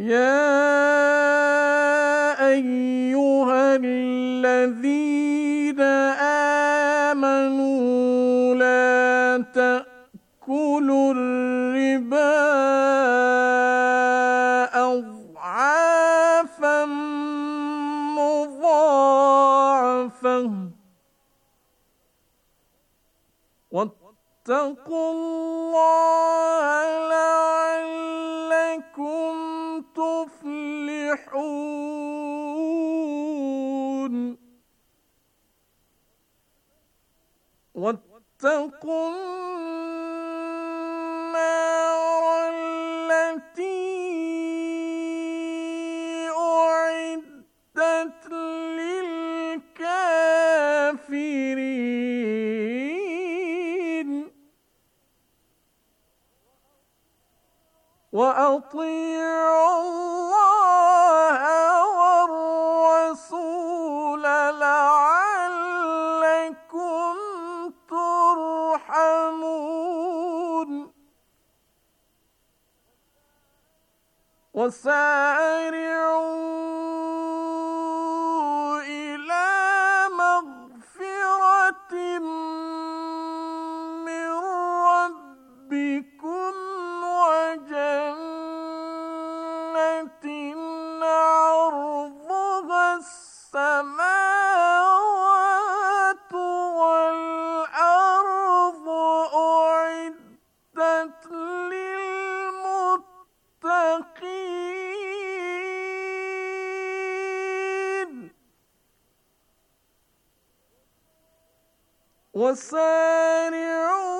يا أيها الذين آمنوا لا تأكلوا الربا أضعافا مضاعفا واتقوا وسارعوا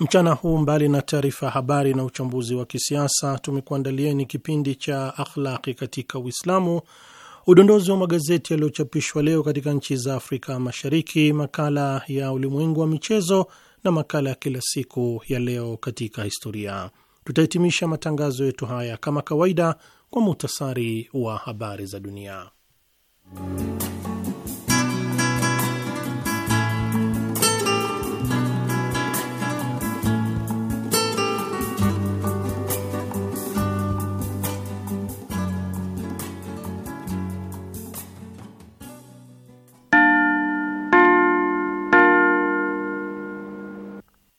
Mchana huu mbali na taarifa ya habari na uchambuzi wa kisiasa, tumekuandalieni kipindi cha akhlaki katika Uislamu, udondozi wa magazeti yaliyochapishwa leo katika nchi za Afrika Mashariki, makala ya ulimwengu wa michezo na makala ya kila siku ya leo katika historia. Tutahitimisha matangazo yetu haya kama kawaida kwa muhtasari wa habari za dunia.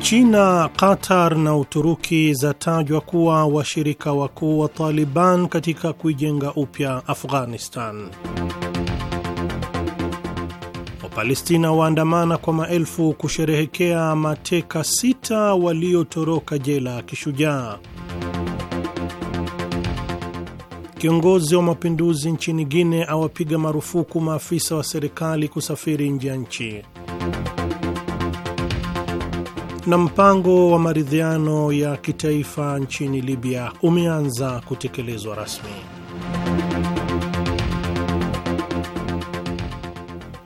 China, Qatar na Uturuki zatajwa kuwa washirika wakuu wa Taliban katika kuijenga upya Afghanistan. Wapalestina waandamana kwa maelfu kusherehekea mateka sita waliotoroka jela ya kishujaa. Kiongozi wa mapinduzi nchini Guinea awapiga marufuku maafisa wa serikali kusafiri nje ya nchi na mpango wa maridhiano ya kitaifa nchini Libya umeanza kutekelezwa rasmi.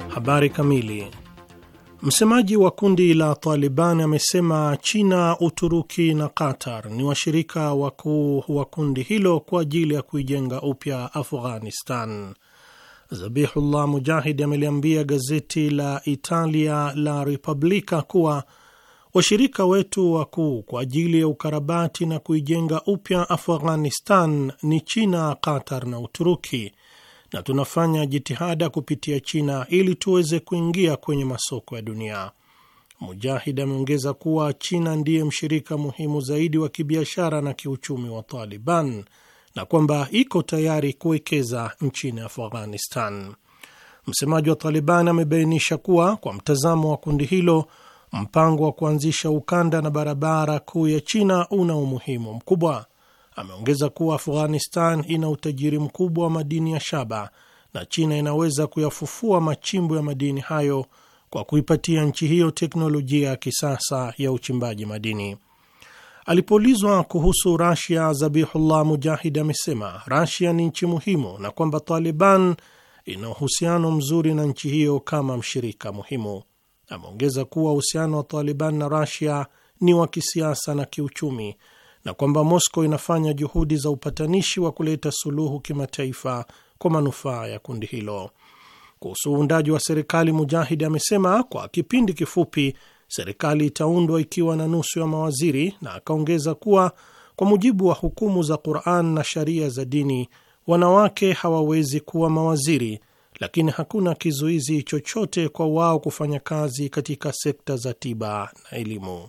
Habari kamili. Msemaji wa kundi la Taliban amesema China, Uturuki na Qatar ni washirika wakuu wa kundi hilo kwa ajili ya kuijenga upya Afghanistan. Zabihullah Mujahid ameliambia gazeti la Italia la republika kuwa Washirika wetu wakuu kwa ajili ya ukarabati na kuijenga upya Afghanistan ni China, Qatar na Uturuki, na tunafanya jitihada kupitia China ili tuweze kuingia kwenye masoko ya dunia. Mujahid ameongeza kuwa China ndiye mshirika muhimu zaidi wa kibiashara na kiuchumi wa Taliban na kwamba iko tayari kuwekeza nchini Afghanistan. Msemaji wa Taliban amebainisha kuwa kwa mtazamo wa kundi hilo mpango wa kuanzisha ukanda na barabara kuu ya China una umuhimu mkubwa. Ameongeza kuwa Afghanistan ina utajiri mkubwa wa madini ya shaba na China inaweza kuyafufua machimbo ya madini hayo kwa kuipatia nchi hiyo teknolojia ya kisasa ya uchimbaji madini. Alipoulizwa kuhusu Rasia, Zabihullah Mujahid amesema Rasia ni nchi muhimu na kwamba Taliban ina uhusiano mzuri na nchi hiyo kama mshirika muhimu ameongeza kuwa uhusiano wa Taliban na rasia ni wa kisiasa na kiuchumi na kwamba mosco inafanya juhudi za upatanishi wa kuleta suluhu kimataifa kwa manufaa ya kundi hilo. Kuhusu uundaji wa serikali, Mujahidi amesema kwa kipindi kifupi serikali itaundwa ikiwa na nusu ya mawaziri, na akaongeza kuwa kwa mujibu wa hukumu za Quran na sharia za dini, wanawake hawawezi kuwa mawaziri lakini hakuna kizuizi chochote kwa wao kufanya kazi katika sekta za tiba na elimu.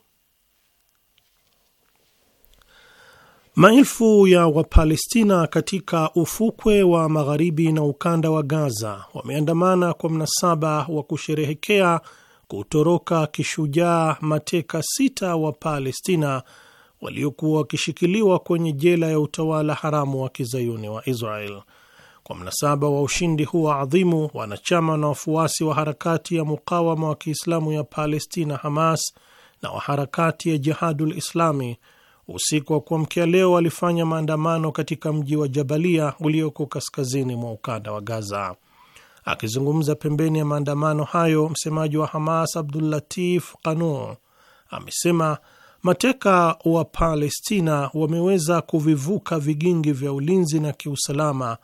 Maelfu ya Wapalestina katika ufukwe wa magharibi na ukanda wa Gaza wameandamana kwa mnasaba wa kusherehekea kutoroka kishujaa mateka sita wa Palestina waliokuwa wakishikiliwa kwenye jela ya utawala haramu wa kizayuni wa Israel. Kwa mnasaba wa ushindi huo adhimu, wanachama na wafuasi wa harakati ya mukawama wa Kiislamu ya Palestina, Hamas, na wa harakati ya Jihadul Islami usiku wa kuamkia leo walifanya maandamano katika mji wa Jabalia ulioko kaskazini mwa ukanda wa Gaza. Akizungumza pembeni ya maandamano hayo, msemaji wa Hamas Abdulatif kanu amesema mateka wa Palestina wameweza kuvivuka vigingi vya ulinzi na kiusalama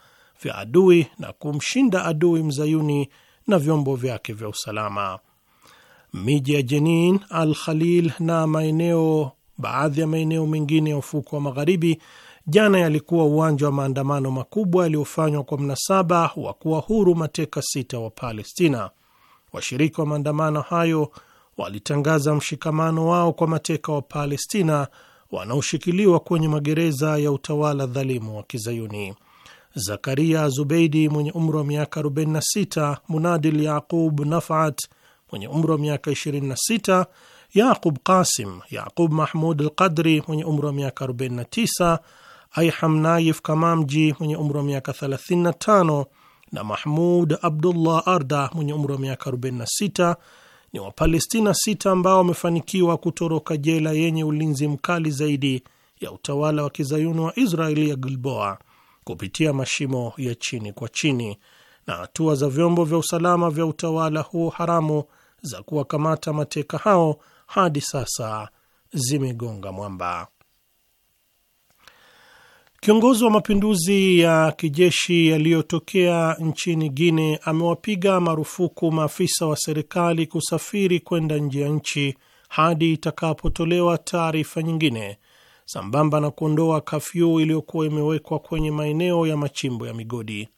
vya adui na kumshinda adui mzayuni na vyombo vyake vya usalama. Miji ya Jenin, Al Khalil na maeneo baadhi ya maeneo mengine ya ufuko wa magharibi jana yalikuwa uwanja wa maandamano makubwa yaliyofanywa kwa mnasaba wa kuwa huru mateka sita wa Palestina. Washiriki wa maandamano hayo walitangaza mshikamano wao kwa mateka wa Palestina wanaoshikiliwa kwenye magereza ya utawala dhalimu wa Kizayuni. Zakaria Zubeidi mwenye umri wa miaka 46, Munadil Yaqub Nafat mwenye umri wa miaka 26, Yaqub Qasim Yaqub Mahmud Alqadri mwenye umri wa miaka 49, Aiham Nayif Kamamji mwenye umri wa miaka 35 na Mahmud Abdullah Arda mwenye umri wa miaka 46 ni Wapalestina sita ambao wamefanikiwa kutoroka jela yenye ulinzi mkali zaidi ya utawala wa kizayuni wa Israeli ya Gilboa kupitia mashimo ya chini kwa chini, na hatua za vyombo vya usalama vya utawala huo haramu za kuwakamata mateka hao hadi sasa zimegonga mwamba. Kiongozi wa mapinduzi ya kijeshi yaliyotokea nchini guine amewapiga marufuku maafisa wa serikali kusafiri kwenda nje ya nchi hadi itakapotolewa taarifa nyingine sambamba na kuondoa kafyu iliyokuwa imewekwa kwenye maeneo ya machimbo ya migodi.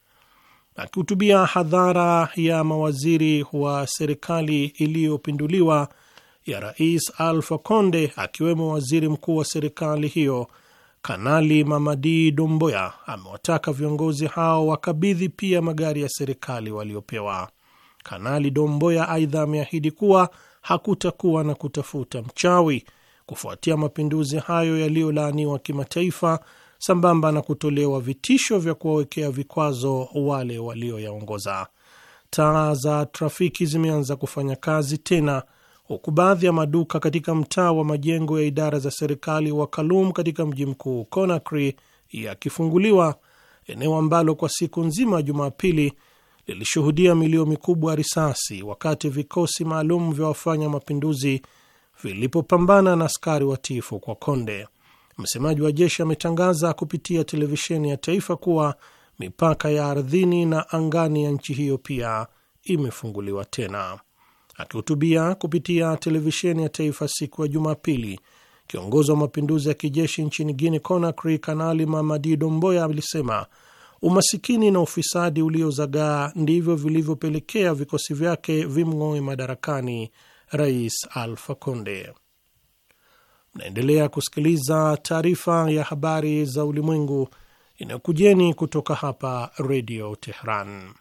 Akihutubia hadhara ya mawaziri wa serikali iliyopinduliwa ya Rais alfa Conde, akiwemo waziri mkuu wa serikali hiyo Kanali Mamadi Domboya, amewataka viongozi hao wakabidhi pia magari ya serikali waliopewa. Kanali Domboya aidha ameahidi kuwa hakutakuwa na kutafuta mchawi kufuatia mapinduzi hayo yaliyolaaniwa kimataifa sambamba na kutolewa vitisho vya kuwawekea vikwazo wale walioyaongoza. Taa za trafiki zimeanza kufanya kazi tena, huku baadhi ya maduka katika mtaa wa majengo ya idara za serikali wa Kalum katika mji mkuu Conakry yakifunguliwa, eneo ambalo kwa siku nzima Jumapili lilishuhudia milio mikubwa ya risasi wakati vikosi maalum vya wafanya mapinduzi vilipopambana na askari watiifu kwa konde. Msemaji wa jeshi ametangaza kupitia televisheni ya taifa kuwa mipaka ya ardhini na angani ya nchi hiyo pia imefunguliwa tena. Akihutubia kupitia televisheni ya taifa siku ya Jumapili, kiongozi wa mapinduzi ya kijeshi nchini Guinea Conakry, Kanali Mamadi Domboya alisema umasikini na ufisadi uliozagaa ndivyo vilivyopelekea vikosi vyake vimng'oe madarakani Rais Alfa Conde. Mnaendelea kusikiliza taarifa ya habari za ulimwengu inayokujeni kutoka hapa Redio Tehran.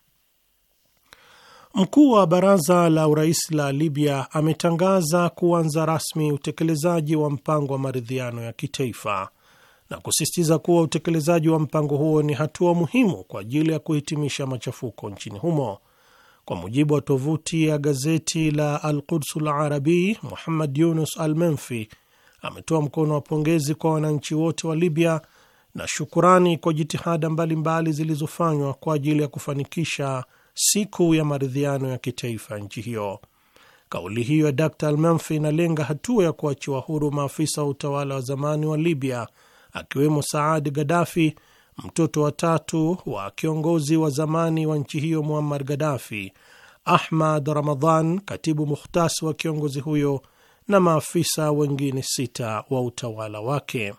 Mkuu wa baraza la urais la Libya ametangaza kuanza rasmi utekelezaji wa mpango wa maridhiano ya kitaifa na kusisitiza kuwa utekelezaji wa mpango huo ni hatua muhimu kwa ajili ya kuhitimisha machafuko nchini humo. Kwa mujibu wa tovuti ya gazeti la Al Qudsul Arabi, Muhammad Yunus Al Menfi ametoa mkono wa pongezi kwa wananchi wote wa Libya na shukurani kwa jitihada mbalimbali zilizofanywa kwa ajili ya kufanikisha siku ya maridhiano ya kitaifa nchi hiyo. Kauli hiyo ya Dr Almenfi inalenga hatua ya kuachiwa huru maafisa wa utawala wa zamani wa Libya akiwemo Saadi Gadafi mtoto wa tatu wa kiongozi wa zamani wa nchi hiyo Muammar Gaddafi, Ahmad Ramadhan, katibu muhtasi wa kiongozi huyo na maafisa wengine sita wa utawala wake.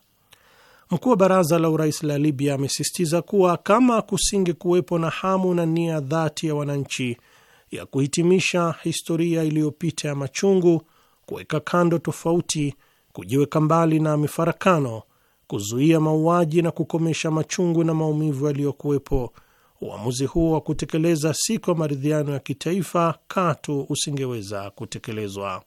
Mkuu wa baraza la urais la Libya amesisitiza kuwa kama kusinge kuwepo na hamu na nia dhati ya wananchi ya kuhitimisha historia iliyopita ya machungu, kuweka kando tofauti, kujiweka mbali na mifarakano kuzuia mauaji na kukomesha machungu na maumivu yaliyokuwepo, uamuzi huo wa kutekeleza siku ya maridhiano ya kitaifa katu usingeweza kutekelezwa.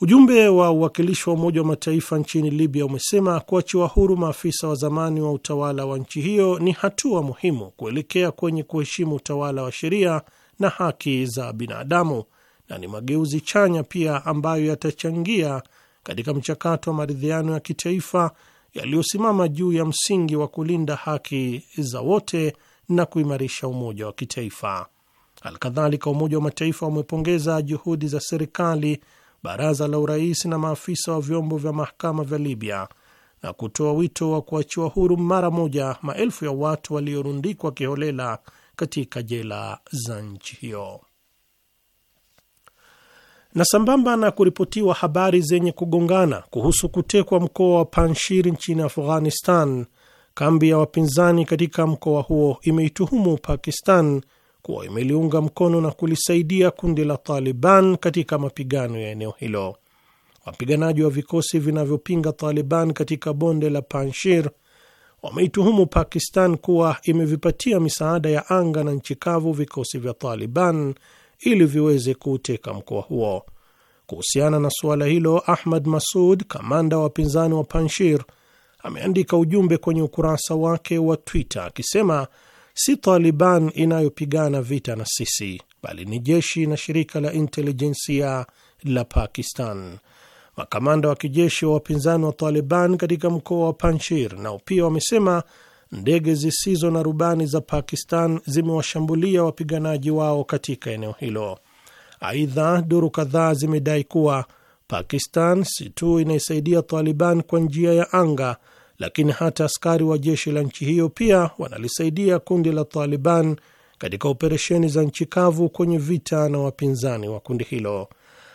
Ujumbe wa uwakilishi wa Umoja wa Mataifa nchini Libya umesema kuachiwa huru maafisa wa zamani wa utawala wa nchi hiyo ni hatua muhimu kuelekea kwenye kuheshimu utawala wa sheria na haki za binadamu na ni mageuzi chanya pia ambayo yatachangia katika mchakato wa maridhiano ya kitaifa yaliyosimama juu ya msingi wa kulinda haki za wote na kuimarisha umoja wa kitaifa. Alkadhalika, Umoja wa Mataifa umepongeza juhudi za serikali, baraza la urais na maafisa wa vyombo vya mahakama vya Libya na kutoa wito wa kuachiwa huru mara moja maelfu ya watu waliorundikwa kiholela katika jela za nchi hiyo na sambamba na kuripotiwa habari zenye kugongana kuhusu kutekwa mkoa wa Panshir nchini Afghanistan, kambi ya wapinzani katika mkoa huo imeituhumu Pakistan kuwa imeliunga mkono na kulisaidia kundi la Taliban katika mapigano ya eneo hilo. Wapiganaji wa vikosi vinavyopinga Taliban katika bonde la Panshir wameituhumu Pakistan kuwa imevipatia misaada ya anga na nchi kavu vikosi vya Taliban ili viweze kuuteka mkoa huo. Kuhusiana na suala hilo, Ahmad Masud, kamanda wa wapinzani wa Panshir, ameandika ujumbe kwenye ukurasa wake wa Twitter akisema si Taliban inayopigana vita na sisi, bali ni jeshi na shirika la intelijensia la Pakistan. Makamanda wa kijeshi wa wapinzani wa Taliban katika mkoa wa Panshir nao pia wamesema ndege zisizo na rubani za Pakistan zimewashambulia wapiganaji wao katika eneo hilo. Aidha, duru kadhaa zimedai kuwa Pakistan si tu inaisaidia Taliban kwa njia ya anga, lakini hata askari wa jeshi la nchi hiyo pia wanalisaidia kundi la Taliban katika operesheni za nchi kavu kwenye vita na wapinzani wa kundi hilo.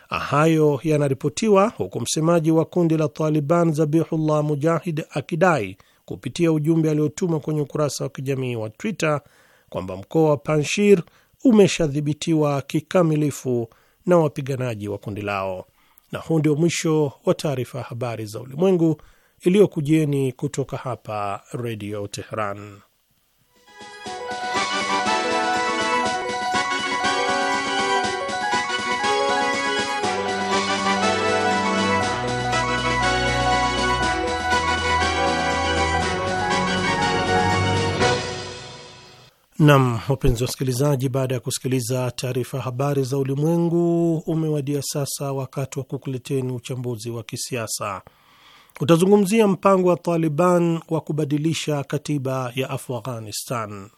Hayo yanaripotiwa huku msemaji wa kundi la Taliban Zabihullah Mujahid akidai kupitia ujumbe aliotuma kwenye ukurasa wa kijamii wa Twitter kwamba mkoa wa Panshir umeshadhibitiwa kikamilifu na wapiganaji wa kundi lao. Na huu ndio mwisho wa taarifa ya habari za ulimwengu iliyokujieni kutoka hapa Redio Teheran. Nam, wapenzi wasikilizaji, baada ya kusikiliza taarifa ya habari za ulimwengu, umewadia sasa wakati wa kukuleteni uchambuzi wa kisiasa. Utazungumzia mpango wa Taliban wa kubadilisha katiba ya Afghanistan.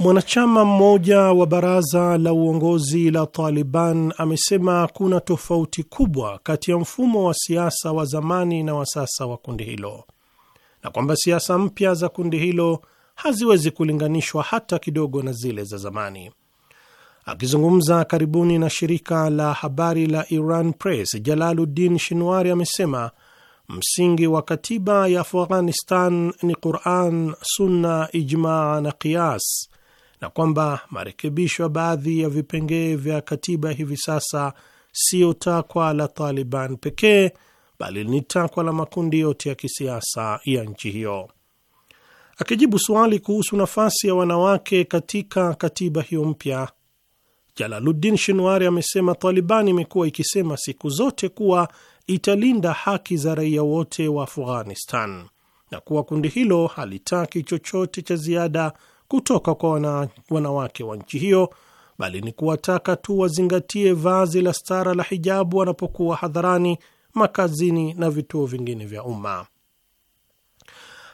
Mwanachama mmoja wa baraza la uongozi la Taliban amesema kuna tofauti kubwa kati ya mfumo wa siasa wa zamani na wa sasa wa kundi hilo na kwamba siasa mpya za kundi hilo haziwezi kulinganishwa hata kidogo na zile za zamani. Akizungumza karibuni na shirika la habari la Iran Press, Jalaluddin Shinwari amesema msingi wa katiba ya Afghanistan ni Quran, Sunna, ijmaa na qiyas na kwamba marekebisho ya baadhi ya vipengee vya katiba hivi sasa siyo takwa la Taliban pekee bali ni takwa la makundi yote ya kisiasa ya nchi hiyo. Akijibu suali kuhusu nafasi ya wanawake katika katiba hiyo mpya, Jalaluddin Shinwari amesema Taliban imekuwa ikisema siku zote kuwa italinda haki za raia wote wa Afghanistan na kuwa kundi hilo halitaki chochote cha ziada kutoka kwa wanawake wa nchi hiyo, bali ni kuwataka tu wazingatie vazi la stara la hijabu wanapokuwa hadharani, makazini na vituo vingine vya umma.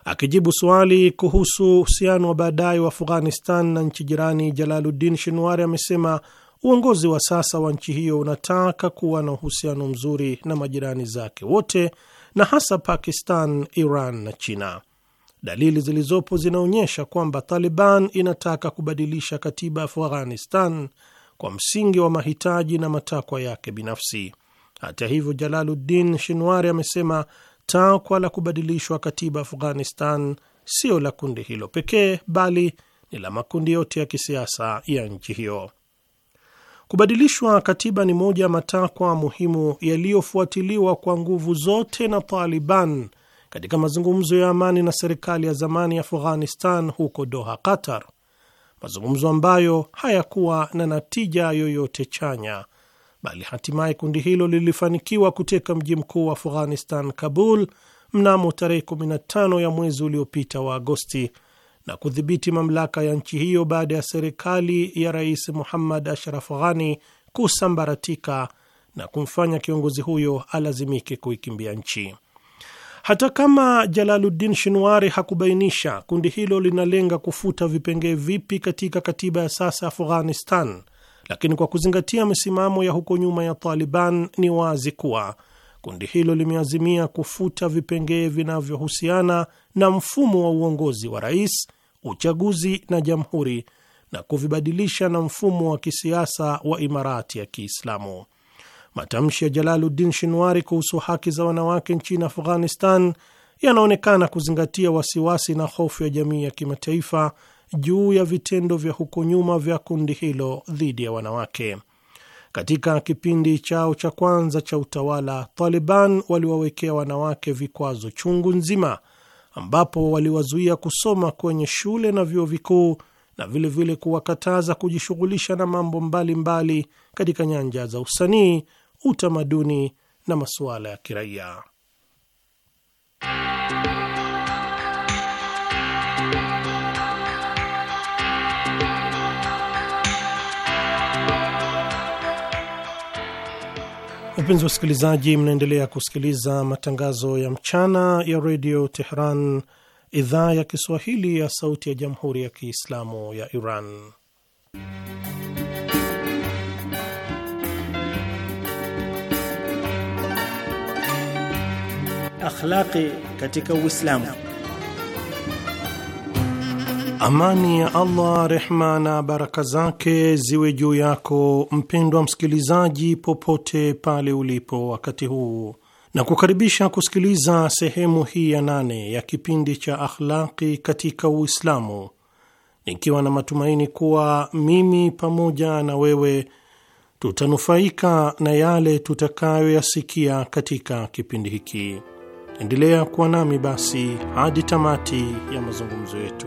Akijibu swali kuhusu uhusiano wa baadaye wa Afghanistan na nchi jirani, Jalaluddin Shinwari amesema uongozi wa sasa wa nchi hiyo unataka kuwa na uhusiano mzuri na majirani zake wote na hasa Pakistan, Iran na China. Dalili zilizopo zinaonyesha kwamba Taliban inataka kubadilisha katiba ya Afghanistan kwa msingi wa mahitaji na matakwa yake binafsi. Hata hivyo, Jalaluddin Shinwari amesema takwa la kubadilishwa katiba Afghanistan sio la kundi hilo pekee, bali ni la makundi yote ya kisiasa ya nchi hiyo. Kubadilishwa katiba ni moja ya matakwa muhimu yaliyofuatiliwa kwa nguvu zote na Taliban katika mazungumzo ya amani na serikali ya zamani ya Afghanistan huko Doha, Qatar, mazungumzo ambayo hayakuwa na natija yoyote chanya, bali hatimaye kundi hilo lilifanikiwa kuteka mji mkuu wa Afghanistan, Kabul, mnamo tarehe 15 ya mwezi uliopita wa Agosti na kudhibiti mamlaka ya nchi hiyo baada ya serikali ya Rais Muhammad Ashraf Ghani kusambaratika na kumfanya kiongozi huyo alazimike kuikimbia nchi. Hata kama Jalaluddin Shinwari hakubainisha kundi hilo linalenga kufuta vipengee vipi katika katiba ya sasa Afghanistan, lakini kwa kuzingatia misimamo ya huko nyuma ya Taliban ni wazi kuwa kundi hilo limeazimia kufuta vipengee vinavyohusiana na mfumo wa uongozi wa rais, uchaguzi na jamhuri na kuvibadilisha na mfumo wa kisiasa wa Imarati ya Kiislamu. Matamshi ya Jalaluddin Shinwari kuhusu haki za wanawake nchini Afghanistan yanaonekana kuzingatia wasiwasi na hofu ya jamii ya kimataifa juu ya vitendo vya huko nyuma vya kundi hilo dhidi ya wanawake. Katika kipindi chao cha kwanza cha utawala, Taliban waliwawekea wanawake vikwazo chungu nzima, ambapo waliwazuia kusoma kwenye shule na vyuo vikuu na vilevile kuwakataza kujishughulisha na mambo mbalimbali mbali katika nyanja za usanii, utamaduni na masuala ya kiraia. Wapenzi wasikilizaji, mnaendelea kusikiliza matangazo ya mchana ya redio Tehran, idhaa ya Kiswahili ya sauti ya jamhuri ya kiislamu ya Iran. akhlaqi katika Uislamu. Amani ya Allah, rehma na baraka zake ziwe juu yako mpendwa msikilizaji, popote pale ulipo wakati huu, na kukaribisha kusikiliza sehemu hii ya nane ya kipindi cha akhlaqi katika Uislamu, nikiwa na matumaini kuwa mimi pamoja na wewe tutanufaika na yale tutakayoyasikia katika kipindi hiki. Endelea kuwa nami basi hadi tamati ya mazungumzo yetu.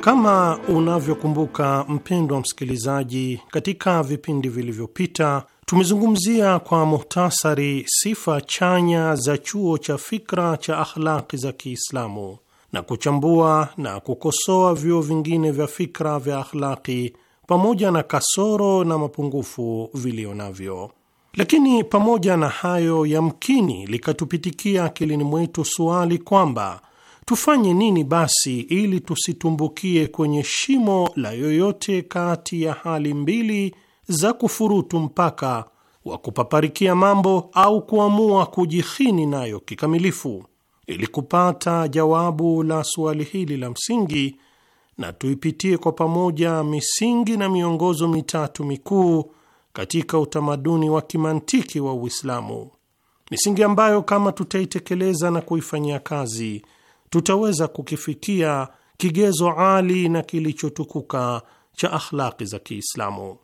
Kama unavyokumbuka, mpendwa msikilizaji, katika vipindi vilivyopita tumezungumzia kwa muhtasari sifa chanya za chuo cha fikra cha akhlaqi za Kiislamu na kuchambua na kukosoa vyuo vingine vya fikra vya akhlaqi pamoja na kasoro na mapungufu vilio navyo. Lakini pamoja na hayo, yamkini likatupitikia akilini mwetu suali kwamba tufanye nini basi ili tusitumbukie kwenye shimo la yoyote kati ya hali mbili za kufurutu mpaka wa kupaparikia mambo au kuamua kujihini nayo kikamilifu. Ili kupata jawabu la suali hili la msingi na tuipitie kwa pamoja misingi na miongozo mitatu mikuu katika utamaduni wa kimantiki wa Uislamu, misingi ambayo kama tutaitekeleza na kuifanyia kazi tutaweza kukifikia kigezo ali na kilichotukuka cha akhlaki za Kiislamu.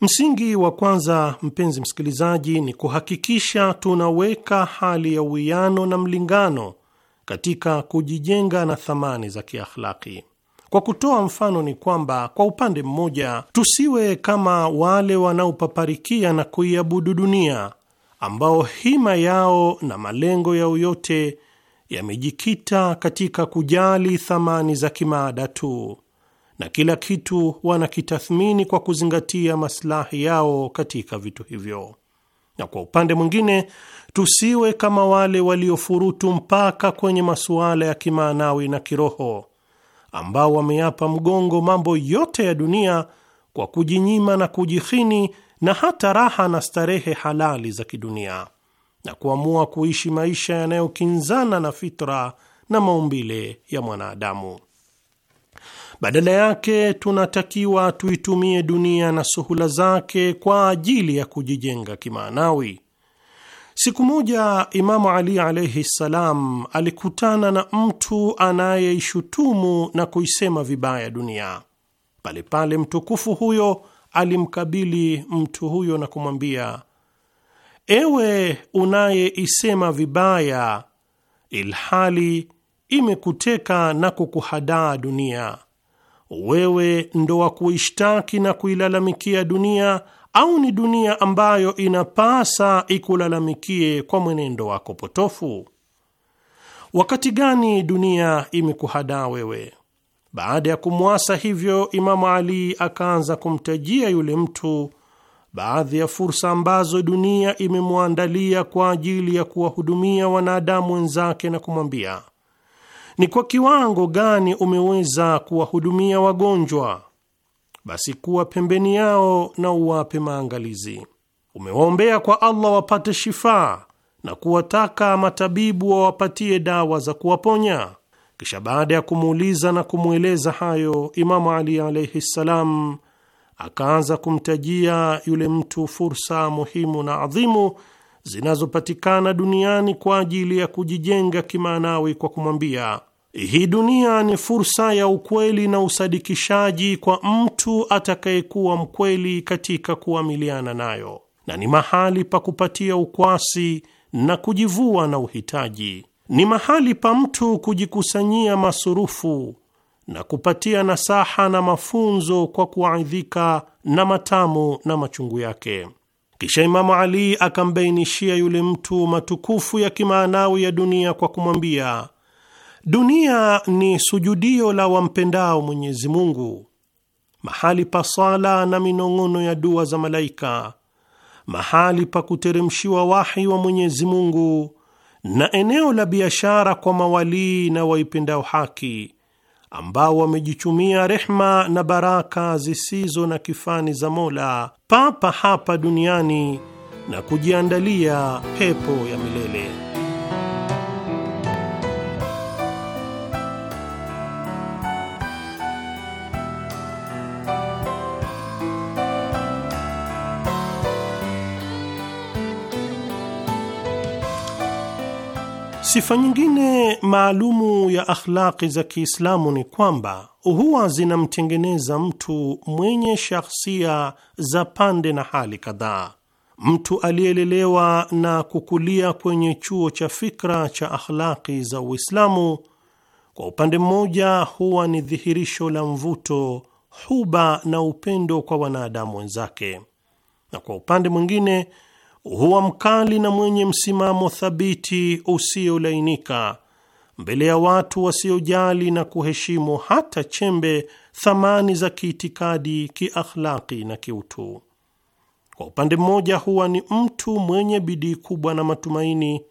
Msingi wa kwanza, mpenzi msikilizaji, ni kuhakikisha tunaweka hali ya uwiano na mlingano katika kujijenga na thamani za kiakhlaki. Kwa kutoa mfano ni kwamba kwa upande mmoja, tusiwe kama wale wanaopaparikia na kuiabudu dunia, ambao hima yao na malengo yao yote yamejikita katika kujali thamani za kimaada tu na kila kitu wanakitathmini kwa kuzingatia maslahi yao katika vitu hivyo. Na kwa upande mwingine, tusiwe kama wale waliofurutu mpaka kwenye masuala ya kimaanawi na kiroho ambao wameyapa mgongo mambo yote ya dunia kwa kujinyima na kujihini na hata raha na starehe halali za kidunia na kuamua kuishi maisha yanayokinzana na fitra na maumbile ya mwanadamu. Badala yake tunatakiwa tuitumie dunia na suhula zake kwa ajili ya kujijenga kimaanawi. Siku moja Imamu Ali alaihi ssalam alikutana na mtu anayeishutumu na kuisema vibaya dunia. Pale pale mtukufu huyo alimkabili mtu huyo na kumwambia, ewe unayeisema vibaya ilhali imekuteka na kukuhadaa dunia, wewe ndo wa kuishtaki na kuilalamikia dunia au ni dunia ambayo inapasa ikulalamikie kwa mwenendo wako potofu? Wakati gani dunia imekuhadaa wewe? Baada ya kumwasa hivyo, Imamu Ali akaanza kumtajia yule mtu baadhi ya fursa ambazo dunia imemwandalia kwa ajili ya kuwahudumia wanadamu wenzake na kumwambia, ni kwa kiwango gani umeweza kuwahudumia wagonjwa basi kuwa pembeni yao na uwape maangalizi. Umewaombea kwa Allah wapate shifaa na kuwataka matabibu wawapatie dawa za kuwaponya. Kisha baada ya kumuuliza na kumweleza hayo, Imamu Ali alaihi ssalam akaanza kumtajia yule mtu fursa muhimu na adhimu zinazopatikana duniani kwa ajili ya kujijenga kimaanawi kwa kumwambia hii dunia ni fursa ya ukweli na usadikishaji kwa mtu atakayekuwa mkweli katika kuamiliana nayo, na ni mahali pa kupatia ukwasi na kujivua na uhitaji. Ni mahali pa mtu kujikusanyia masurufu na kupatia nasaha na mafunzo kwa kuaidhika na matamu na machungu yake. Kisha Imamu Ali akambainishia yule mtu matukufu ya kimaanawi ya dunia kwa kumwambia Dunia ni sujudio la wampendao Mwenyezi Mungu, mahali pa sala na minong'ono ya dua za malaika, mahali pa kuteremshiwa wahi wa Mwenyezi Mungu na eneo la biashara kwa mawalii na waipendao haki ambao wamejichumia rehma na baraka zisizo na kifani za Mola papa hapa duniani na kujiandalia pepo ya milele. Sifa nyingine maalumu ya akhlaqi za Kiislamu ni kwamba huwa zinamtengeneza mtu mwenye shahsia za pande na hali kadhaa. Mtu aliyelelewa na kukulia kwenye chuo cha fikra cha akhlaqi za Uislamu, kwa upande mmoja, huwa ni dhihirisho la mvuto, huba na upendo kwa wanadamu wenzake, na kwa upande mwingine huwa mkali na mwenye msimamo thabiti usiolainika mbele ya watu wasiojali na kuheshimu hata chembe thamani za kiitikadi, kiakhlaki na kiutu. Kwa upande mmoja, huwa ni mtu mwenye bidii kubwa na matumaini,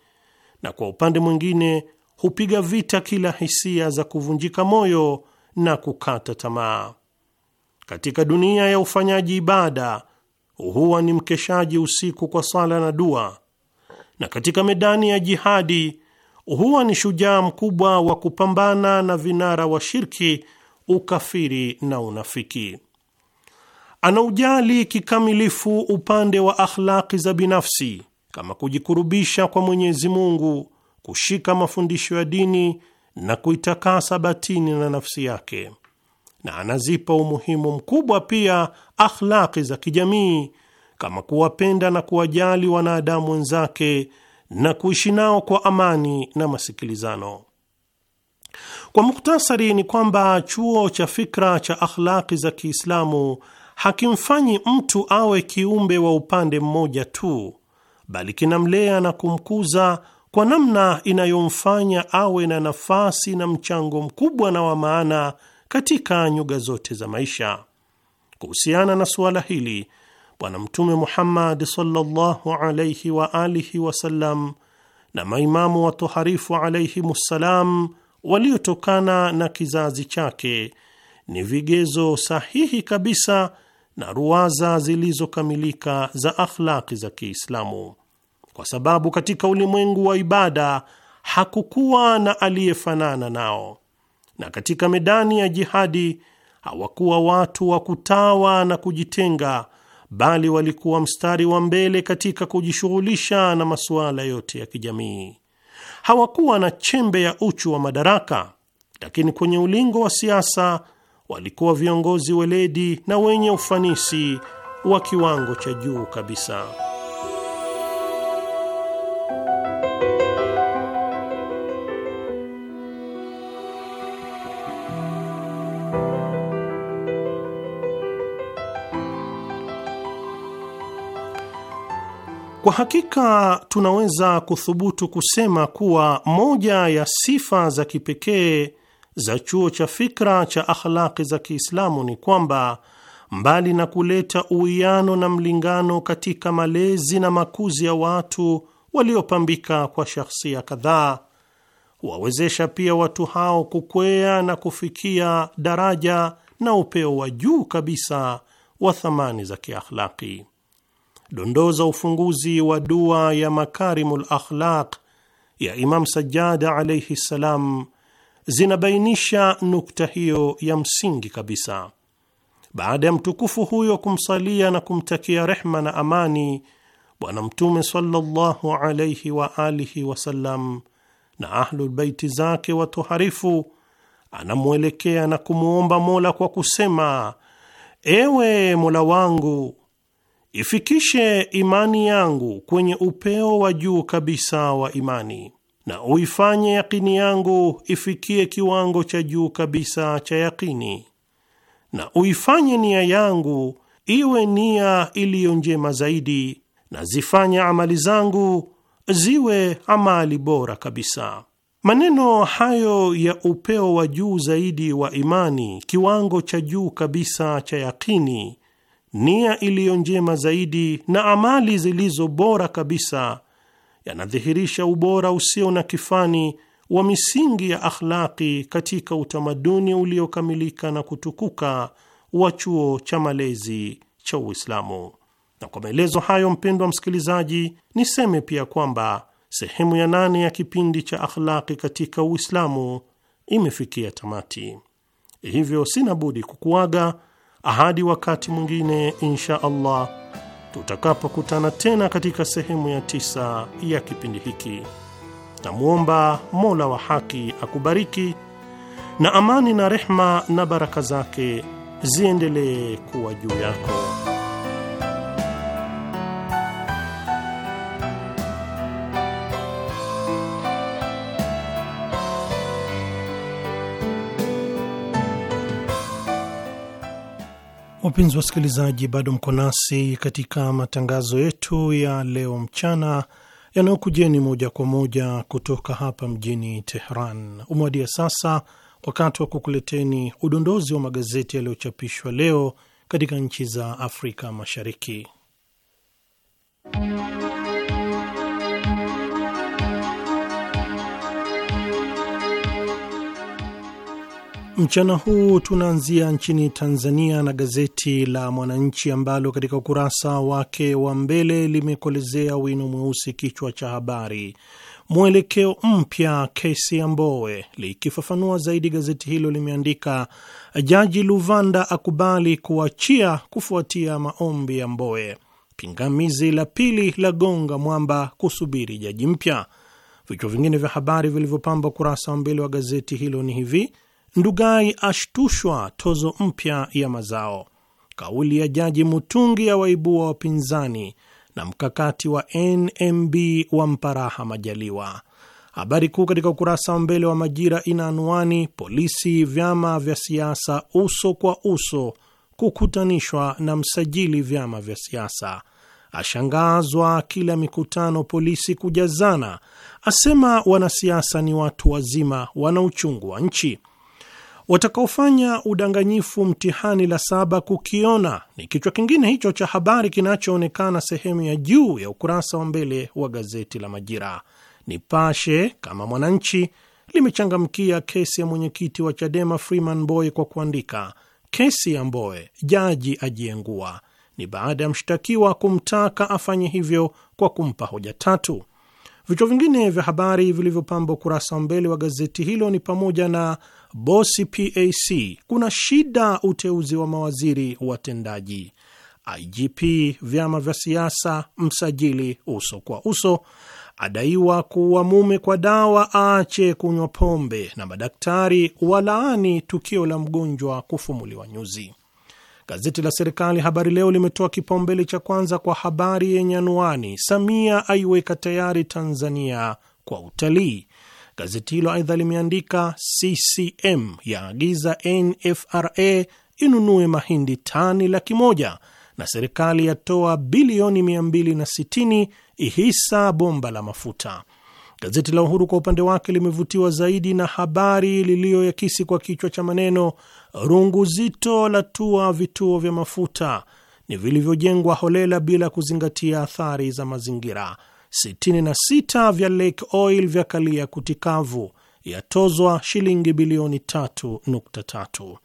na kwa upande mwingine hupiga vita kila hisia za kuvunjika moyo na kukata tamaa. Katika dunia ya ufanyaji ibada huwa ni mkeshaji usiku kwa sala na dua, na katika medani ya jihadi huwa ni shujaa mkubwa wa kupambana na vinara wa shirki, ukafiri na unafiki. Anaujali kikamilifu upande wa akhlaki za binafsi kama kujikurubisha kwa Mwenyezi Mungu, kushika mafundisho ya dini na kuitakasa batini na nafsi yake na anazipa umuhimu mkubwa pia akhlaqi za kijamii kama kuwapenda na kuwajali wanadamu wenzake na kuishi nao kwa amani na masikilizano. Kwa muktasari, ni kwamba chuo cha fikra cha akhlaqi za Kiislamu hakimfanyi mtu awe kiumbe wa upande mmoja tu, bali kinamlea na kumkuza kwa namna inayomfanya awe na nafasi na mchango mkubwa na wa maana katika nyuga zote za maisha. Kuhusiana na suala hili, Bwana Mtume Muhammad sallallahu alaihi wa alihi wasallam na maimamu watoharifu ssalam waliotokana na kizazi chake ni vigezo sahihi kabisa na ruwaza zilizokamilika za akhlaki za Kiislamu, kwa sababu katika ulimwengu wa ibada hakukuwa na aliyefanana nao, na katika medani ya jihadi hawakuwa watu wa kutawa na kujitenga, bali walikuwa mstari wa mbele katika kujishughulisha na masuala yote ya kijamii. Hawakuwa na chembe ya uchu wa madaraka, lakini kwenye ulingo wa siasa walikuwa viongozi weledi na wenye ufanisi wa kiwango cha juu kabisa. Kwa hakika tunaweza kuthubutu kusema kuwa moja ya sifa za kipekee za chuo cha fikra cha akhlaqi za Kiislamu ni kwamba mbali na kuleta uwiano na mlingano katika malezi na makuzi ya watu waliopambika kwa shahsia kadhaa, huwawezesha pia watu hao kukwea na kufikia daraja na upeo wa juu kabisa wa thamani za kiakhlaqi dondoo za ufunguzi wa dua ya Makarimul Akhlaq ya Imam Sajjad alayhi ssalam zinabainisha nukta hiyo ya msingi kabisa. Baada ya mtukufu huyo kumsalia na kumtakia rehma na amani Bwana Mtume sallallahu alayhi wa alihi wasallam na ahlulbaiti zake watoharifu, anamwelekea na kumwomba Mola kwa kusema: ewe Mola wangu ifikishe imani yangu kwenye upeo wa juu kabisa wa imani, na uifanye yakini yangu ifikie kiwango cha juu kabisa cha yakini, na uifanye nia yangu iwe nia iliyo njema zaidi, na zifanye amali zangu ziwe amali bora kabisa. Maneno hayo ya upeo wa juu zaidi wa imani, kiwango cha juu kabisa cha yakini nia iliyo njema zaidi na amali zilizo bora kabisa yanadhihirisha ubora usio na kifani wa misingi ya akhlaqi katika utamaduni uliokamilika na kutukuka wa chuo cha malezi cha Uislamu. Na kwa maelezo hayo, mpendwa msikilizaji, niseme pia kwamba sehemu ya nane ya kipindi cha akhlaki katika Uislamu imefikia tamati, hivyo sina budi kukuaga Ahadi wakati mwingine insha Allah tutakapokutana tena katika sehemu ya tisa ya kipindi hiki. Namwomba Mola wa haki akubariki na amani na rehma na baraka zake ziendelee kuwa juu yako. Wapenzi wasikilizaji, bado mko nasi katika matangazo yetu ya leo mchana yanayokujeni moja kwa moja kutoka hapa mjini Teheran. Umewadia sasa wakati wa kukuleteni udondozi wa magazeti yaliyochapishwa leo katika nchi za Afrika Mashariki. Mchana huu tunaanzia nchini Tanzania na gazeti la Mwananchi ambalo katika ukurasa wake wa mbele limekolezea wino mweusi kichwa cha habari mwelekeo mpya kesi ya Mbowe. Likifafanua zaidi, gazeti hilo limeandika Jaji Luvanda akubali kuachia kufuatia maombi ya Mbowe. Pingamizi la pili la gonga mwamba kusubiri jaji mpya. Vichwa vingine vya habari vilivyopamba ukurasa wa mbele wa gazeti hilo ni hivi: Ndugai ashtushwa tozo mpya ya mazao. Kauli ya Jaji Mutungi ya waibua wapinzani na mkakati wa NMB wa Mparaha Majaliwa. Habari kuu katika ukurasa wa mbele wa Majira ina anwani polisi, vyama vya siasa uso kwa uso kukutanishwa na msajili vyama vya siasa, ashangazwa kila mikutano polisi kujazana, asema wanasiasa ni watu wazima, wana uchungu wa nchi watakaofanya udanganyifu mtihani la saba kukiona, ni kichwa kingine hicho cha habari kinachoonekana sehemu ya juu ya ukurasa wa mbele wa gazeti la Majira. Nipashe kama Mwananchi limechangamkia kesi ya mwenyekiti wa Chadema Freeman Mbowe kwa kuandika kesi ya Mbowe, jaji ajiengua. Ni baada ya mshtakiwa kumtaka afanye hivyo kwa kumpa hoja tatu. Vichwa vingine vya habari vilivyopamba ukurasa wa mbele wa gazeti hilo ni pamoja na bosi PAC, kuna shida uteuzi wa mawaziri watendaji, IGP vyama vya siasa, msajili uso kwa uso, adaiwa kuwa mume kwa dawa, aache kunywa pombe, na madaktari walaani tukio la mgonjwa kufumuliwa nyuzi. Gazeti la serikali Habari Leo limetoa kipaumbele cha kwanza kwa habari yenye anuani, Samia aiweka tayari Tanzania kwa utalii. Gazeti hilo aidha limeandika CCM yaagiza NFRA inunue mahindi tani laki moja na serikali yatoa bilioni 260 ihisa bomba la mafuta. Gazeti la Uhuru kwa upande wake limevutiwa zaidi na habari liliyoyakisi kwa kichwa cha maneno rungu zito la tua vituo vya mafuta ni vilivyojengwa holela bila kuzingatia athari za mazingira. 66 vya Lake Oil vya kalia kutikavu yatozwa shilingi bilioni 3.3.